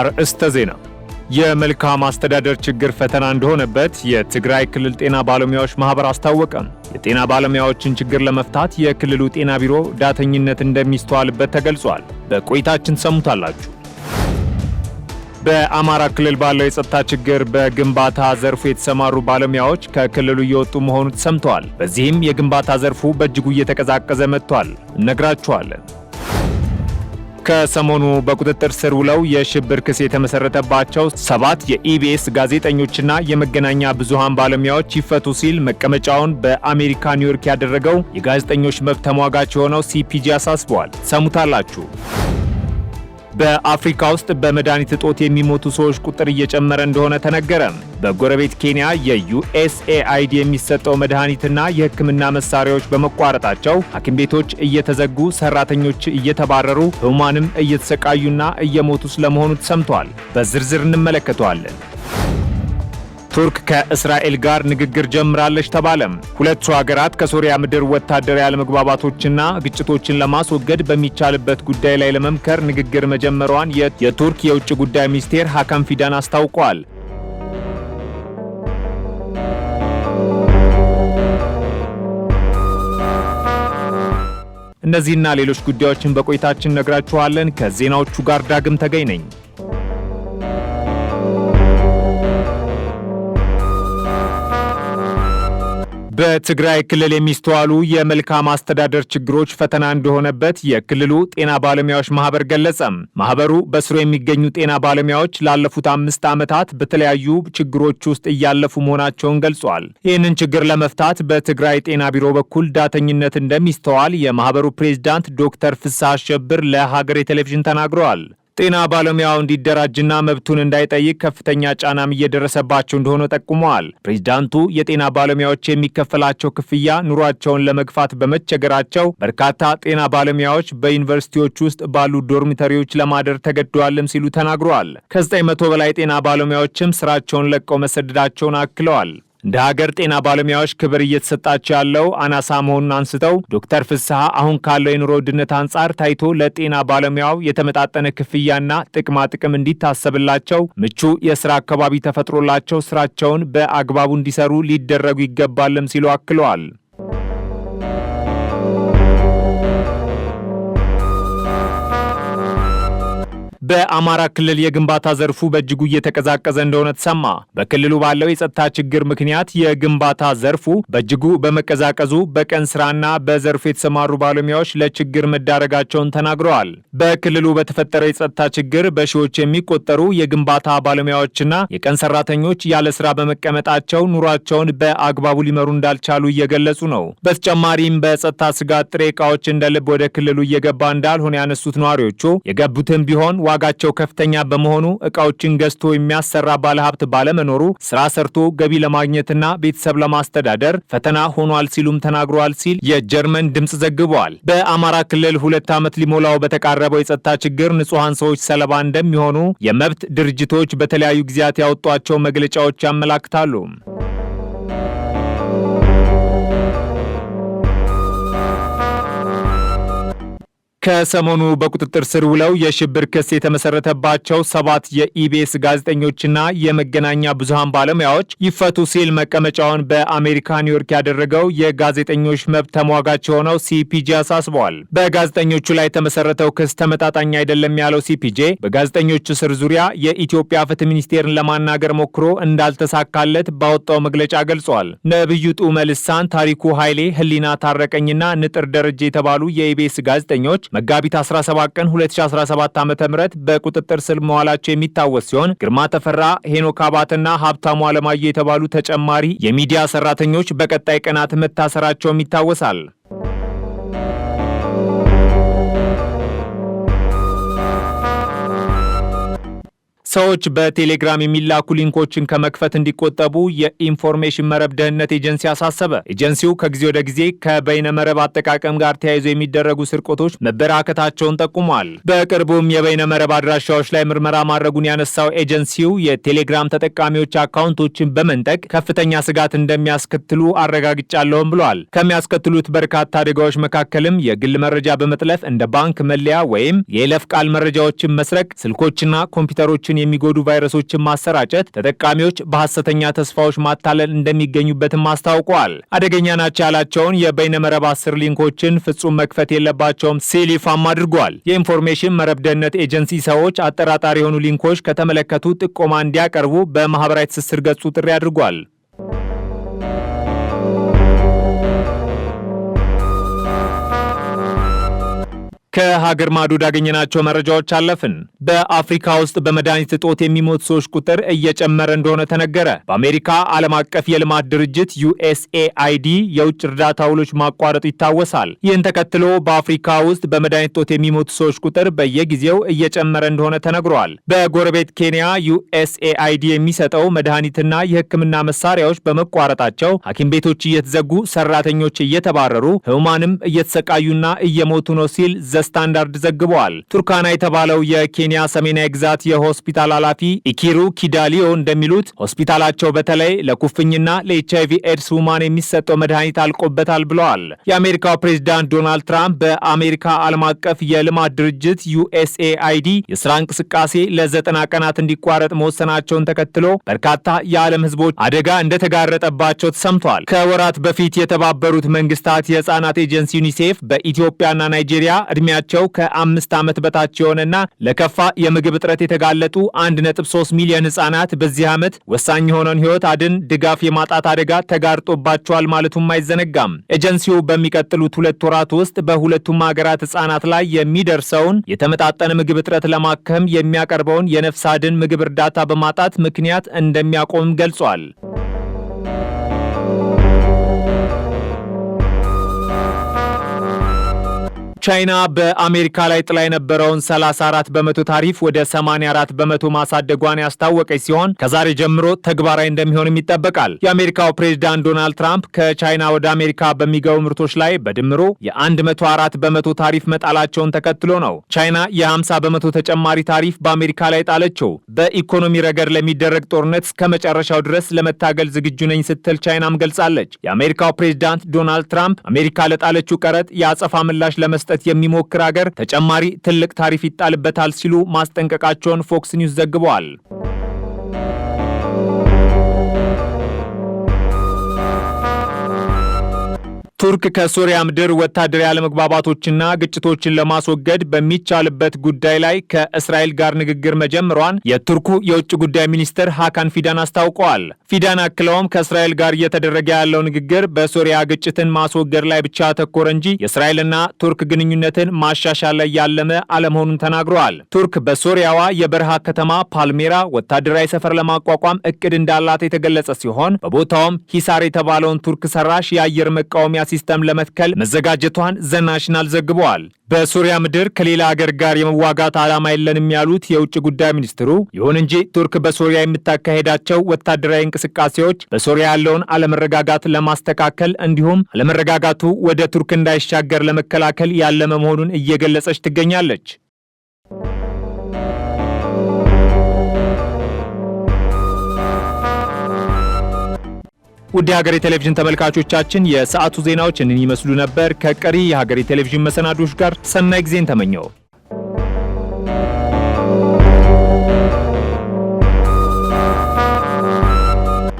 አርእስተ ዜና የመልካም አስተዳደር ችግር ፈተና እንደሆነበት የትግራይ ክልል ጤና ባለሙያዎች ማህበር አስታወቀ። የጤና ባለሙያዎችን ችግር ለመፍታት የክልሉ ጤና ቢሮ ዳተኝነት እንደሚስተዋልበት ተገልጿል። በቆይታችን ሰሙታላችሁ። በአማራ ክልል ባለው የጸጥታ ችግር በግንባታ ዘርፉ የተሰማሩ ባለሙያዎች ከክልሉ እየወጡ መሆኑ ተሰምተዋል። በዚህም የግንባታ ዘርፉ በእጅጉ እየተቀዛቀዘ መጥቷል። እነግራችኋለን። ከሰሞኑ በቁጥጥር ስር ውለው የሽብር ክስ የተመሰረተባቸው ሰባት የኢቢኤስ ጋዜጠኞችና የመገናኛ ብዙሃን ባለሙያዎች ይፈቱ ሲል መቀመጫውን በአሜሪካ ኒውዮርክ ያደረገው የጋዜጠኞች መብት ተሟጋች የሆነው ሲፒጂ አሳስበዋል። ሰሙታላችሁ። በአፍሪካ ውስጥ በመድኃኒት እጦት የሚሞቱ ሰዎች ቁጥር እየጨመረ እንደሆነ ተነገረ። በጎረቤት ኬንያ የዩኤስኤአይዲ የሚሰጠው መድኃኒትና የሕክምና መሳሪያዎች በመቋረጣቸው ሐኪም ቤቶች እየተዘጉ፣ ሰራተኞች እየተባረሩ፣ ህሙማንም እየተሰቃዩና እየሞቱ ስለመሆኑ ተሰምቷል። በዝርዝር እንመለከተዋለን። ቱርክ ከእስራኤል ጋር ንግግር ጀምራለች ተባለ። ሁለቱ ሀገራት ከሶሪያ ምድር ወታደራዊ አለመግባባቶችና ግጭቶችን ለማስወገድ በሚቻልበት ጉዳይ ላይ ለመምከር ንግግር መጀመሯን የቱርክ የውጭ ጉዳይ ሚኒስቴር ሀካም ፊዳን አስታውቋል። እነዚህና ሌሎች ጉዳዮችን በቆይታችን ነግራችኋለን። ከዜናዎቹ ጋር ዳግም ተገኝ ነኝ። በትግራይ ክልል የሚስተዋሉ የመልካም አስተዳደር ችግሮች ፈተና እንደሆነበት የክልሉ ጤና ባለሙያዎች ማህበር ገለጸ። ማህበሩ በስሩ የሚገኙ ጤና ባለሙያዎች ላለፉት አምስት ዓመታት በተለያዩ ችግሮች ውስጥ እያለፉ መሆናቸውን ገልጿል። ይህንን ችግር ለመፍታት በትግራይ ጤና ቢሮ በኩል ዳተኝነት እንደሚስተዋል የማህበሩ ፕሬዚዳንት ዶክተር ፍስሐ አሸብር ለሀገሬ ቴሌቪዥን ተናግረዋል። ጤና ባለሙያው እንዲደራጅና መብቱን እንዳይጠይቅ ከፍተኛ ጫናም እየደረሰባቸው እንደሆነ ጠቁመዋል። ፕሬዚዳንቱ የጤና ባለሙያዎች የሚከፈላቸው ክፍያ ኑሯቸውን ለመግፋት በመቸገራቸው በርካታ ጤና ባለሙያዎች በዩኒቨርሲቲዎች ውስጥ ባሉ ዶርሚተሪዎች ለማደር ተገደዋልም ሲሉ ተናግረዋል። ከዘጠኝ መቶ በላይ ጤና ባለሙያዎችም ስራቸውን ለቀው መሰደዳቸውን አክለዋል። እንደ ሀገር ጤና ባለሙያዎች ክብር እየተሰጣቸው ያለው አናሳ መሆኑን አንስተው ዶክተር ፍስሐ አሁን ካለው የኑሮ ውድነት አንጻር ታይቶ ለጤና ባለሙያው የተመጣጠነ ክፍያና ጥቅማ ጥቅም እንዲታሰብላቸው ምቹ የስራ አካባቢ ተፈጥሮላቸው ስራቸውን በአግባቡ እንዲሰሩ ሊደረጉ ይገባልም ሲሉ አክለዋል። በአማራ ክልል የግንባታ ዘርፉ በእጅጉ እየተቀዛቀዘ እንደሆነ ተሰማ። በክልሉ ባለው የጸጥታ ችግር ምክንያት የግንባታ ዘርፉ በእጅጉ በመቀዛቀዙ በቀን ስራና በዘርፉ የተሰማሩ ባለሙያዎች ለችግር መዳረጋቸውን ተናግረዋል። በክልሉ በተፈጠረው የጸጥታ ችግር በሺዎች የሚቆጠሩ የግንባታ ባለሙያዎችና የቀን ሰራተኞች ያለ ስራ በመቀመጣቸው ኑሯቸውን በአግባቡ ሊመሩ እንዳልቻሉ እየገለጹ ነው። በተጨማሪም በጸጥታ ስጋት ጥሬ እቃዎች እንደ ልብ ወደ ክልሉ እየገባ እንዳልሆነ ያነሱት ነዋሪዎቹ የገቡትም ቢሆን ዋጋቸው ከፍተኛ በመሆኑ እቃዎችን ገዝቶ የሚያሰራ ባለሀብት ባለመኖሩ ስራ ሰርቶ ገቢ ለማግኘትና ቤተሰብ ለማስተዳደር ፈተና ሆኗል ሲሉም ተናግረዋል ሲል የጀርመን ድምፅ ዘግቧል። በአማራ ክልል ሁለት ዓመት ሊሞላው በተቃረበው የጸጥታ ችግር ንጹሐን ሰዎች ሰለባ እንደሚሆኑ የመብት ድርጅቶች በተለያዩ ጊዜያት ያወጧቸው መግለጫዎች ያመላክታሉ። ከሰሞኑ በቁጥጥር ስር ውለው የሽብር ክስ የተመሰረተባቸው ሰባት የኢቢኤስ ጋዜጠኞችና የመገናኛ ብዙሃን ባለሙያዎች ይፈቱ ሲል መቀመጫውን በአሜሪካ ኒውዮርክ ያደረገው የጋዜጠኞች መብት ተሟጋች የሆነው ሲፒጄ አሳስበዋል። በጋዜጠኞቹ ላይ የተመሰረተው ክስ ተመጣጣኝ አይደለም ያለው ሲፒጄ በጋዜጠኞቹ ስር ዙሪያ የኢትዮጵያ ፍትህ ሚኒስቴርን ለማናገር ሞክሮ እንዳልተሳካለት ባወጣው መግለጫ ገልጿል። ነብዩ ጡመልሳን፣ ታሪኩ ኃይሌ፣ ህሊና ታረቀኝና ንጥር ደረጀ የተባሉ የኢቢኤስ ጋዜጠኞች መጋቢት 17 ቀን 2017 ዓ ም በቁጥጥር ስር መዋላቸው የሚታወስ ሲሆን ግርማ ተፈራ፣ ሄኖክ አባትና ሀብታሙ አለማየ የተባሉ ተጨማሪ የሚዲያ ሰራተኞች በቀጣይ ቀናት መታሰራቸውም ይታወሳል። ሰዎች በቴሌግራም የሚላኩ ሊንኮችን ከመክፈት እንዲቆጠቡ የኢንፎርሜሽን መረብ ደህንነት ኤጀንሲ አሳሰበ። ኤጀንሲው ከጊዜ ወደ ጊዜ ከበይነ መረብ አጠቃቀም ጋር ተያይዞ የሚደረጉ ስርቆቶች መበራከታቸውን ጠቁሟል። በቅርቡም የበይነመረብ አድራሻዎች ላይ ምርመራ ማድረጉን ያነሳው ኤጀንሲው የቴሌግራም ተጠቃሚዎች አካውንቶችን በመንጠቅ ከፍተኛ ስጋት እንደሚያስከትሉ አረጋግጫለሁም ብሏል። ከሚያስከትሉት በርካታ አደጋዎች መካከልም የግል መረጃ በመጥለፍ እንደ ባንክ መለያ ወይም የይለፍ ቃል መረጃዎችን መስረቅ፣ ስልኮችና ኮምፒውተሮችን ጤናችንን የሚጎዱ ቫይረሶችን ማሰራጨት ተጠቃሚዎች በሐሰተኛ ተስፋዎች ማታለል እንደሚገኙበትም አስታውቋል። አደገኛ ናቸው ያላቸውን የበይነመረብ አስር ሊንኮችን ፍጹም መክፈት የለባቸውም ሲል ይፋም አድርጓል። የኢንፎርሜሽን መረብ ደህንነት ኤጀንሲ ሰዎች አጠራጣሪ የሆኑ ሊንኮች ከተመለከቱ ጥቆማ እንዲያቀርቡ በማህበራዊ ትስስር ገጹ ጥሪ አድርጓል። ከሀገር ማዶ ያገኘናቸው መረጃዎች አለፍን። በአፍሪካ ውስጥ በመድኃኒት እጦት የሚሞት ሰዎች ቁጥር እየጨመረ እንደሆነ ተነገረ። በአሜሪካ ዓለም አቀፍ የልማት ድርጅት ዩኤስኤአይዲ የውጭ እርዳታ ውሎች ማቋረጡ ይታወሳል። ይህን ተከትሎ በአፍሪካ ውስጥ በመድኃኒት እጦት የሚሞቱ ሰዎች ቁጥር በየጊዜው እየጨመረ እንደሆነ ተነግሯል። በጎረቤት ኬንያ ዩኤስኤአይዲ የሚሰጠው መድኃኒትና የሕክምና መሳሪያዎች በመቋረጣቸው ሐኪም ቤቶች እየተዘጉ፣ ሰራተኞች እየተባረሩ፣ ህሙማንም እየተሰቃዩና እየሞቱ ነው ሲል ስታንዳርድ ዘግበዋል። ቱርካና የተባለው የኬንያ ሰሜናዊ ግዛት የሆስፒታል ኃላፊ ኢኪሩ ኪዳሊዮ እንደሚሉት ሆስፒታላቸው በተለይ ለኩፍኝና ለኤችአይቪ ኤድስ ሁማን የሚሰጠው መድኃኒት አልቆበታል ብለዋል። የአሜሪካው ፕሬዚዳንት ዶናልድ ትራምፕ በአሜሪካ ዓለም አቀፍ የልማት ድርጅት ዩኤስኤአይዲ የስራ እንቅስቃሴ ለዘጠና ቀናት እንዲቋረጥ መወሰናቸውን ተከትሎ በርካታ የዓለም ህዝቦች አደጋ እንደተጋረጠባቸው ተሰምቷል። ከወራት በፊት የተባበሩት መንግስታት የህፃናት ኤጀንሲ ዩኒሴፍ በኢትዮጵያና ናይጄሪያ እድሜ ዕድሜያቸው ከአምስት ዓመት በታች የሆነና ለከፋ የምግብ እጥረት የተጋለጡ 1.3 ሚሊዮን ህጻናት በዚህ ዓመት ወሳኝ የሆነውን ህይወት አድን ድጋፍ የማጣት አደጋ ተጋርጦባቸዋል ማለቱም አይዘነጋም። ኤጀንሲው በሚቀጥሉት ሁለት ወራት ውስጥ በሁለቱም ሀገራት ህጻናት ላይ የሚደርሰውን የተመጣጠነ ምግብ እጥረት ለማከም የሚያቀርበውን የነፍስ አድን ምግብ እርዳታ በማጣት ምክንያት እንደሚያቆም ገልጿል። ቻይና በአሜሪካ ላይ ጥላ የነበረውን 34 በመቶ ታሪፍ ወደ 84 በመቶ ማሳደጓን ያስታወቀች ሲሆን ከዛሬ ጀምሮ ተግባራዊ እንደሚሆንም ይጠበቃል። የአሜሪካው ፕሬዚዳንት ዶናልድ ትራምፕ ከቻይና ወደ አሜሪካ በሚገቡ ምርቶች ላይ በድምሩ የ104 በመቶ ታሪፍ መጣላቸውን ተከትሎ ነው ቻይና የ50 በመቶ ተጨማሪ ታሪፍ በአሜሪካ ላይ ጣለችው። በኢኮኖሚ ረገድ ለሚደረግ ጦርነት እስከ መጨረሻው ድረስ ለመታገል ዝግጁ ነኝ ስትል ቻይናም ገልጻለች። የአሜሪካው ፕሬዚዳንት ዶናልድ ትራምፕ አሜሪካ ለጣለችው ቀረጥ የአጸፋ ምላሽ ለመስጠት ለማለት የሚሞክር አገር ተጨማሪ ትልቅ ታሪፍ ይጣልበታል ሲሉ ማስጠንቀቃቸውን ፎክስ ኒውስ ዘግበዋል። ቱርክ ከሶሪያ ምድር ወታደራዊ አለመግባባቶችና ግጭቶችን ለማስወገድ በሚቻልበት ጉዳይ ላይ ከእስራኤል ጋር ንግግር መጀመሯን የቱርኩ የውጭ ጉዳይ ሚኒስትር ሀካን ፊዳን አስታውቀዋል። ፊዳን አክለውም ከእስራኤል ጋር እየተደረገ ያለው ንግግር በሶሪያ ግጭትን ማስወገድ ላይ ብቻ ያተኮረ እንጂ የእስራኤልና ቱርክ ግንኙነትን ማሻሻል ላይ ያለመ አለመሆኑን ተናግረዋል። ቱርክ በሶሪያዋ የበረሃ ከተማ ፓልሜራ ወታደራዊ ሰፈር ለማቋቋም እቅድ እንዳላት የተገለጸ ሲሆን በቦታውም ሂሳር የተባለውን ቱርክ ሰራሽ የአየር መቃወሚያ ሲስተም ለመትከል መዘጋጀቷን ዘናሽናል ዘግበዋል። በሱሪያ ምድር ከሌላ አገር ጋር የመዋጋት ዓላማ የለንም ያሉት የውጭ ጉዳይ ሚኒስትሩ፣ ይሁን እንጂ ቱርክ በሱሪያ የምታካሄዳቸው ወታደራዊ እንቅስቃሴዎች በሱሪያ ያለውን አለመረጋጋት ለማስተካከል እንዲሁም አለመረጋጋቱ ወደ ቱርክ እንዳይሻገር ለመከላከል ያለመ መሆኑን እየገለጸች ትገኛለች። ውድ የሀገሬ ቴሌቪዥን ተመልካቾቻችን የሰዓቱ ዜናዎች እንን ይመስሉ ነበር። ከቀሪ የሀገሬ ቴሌቪዥን መሰናዶች ጋር ሰናይ ጊዜን ተመኘው።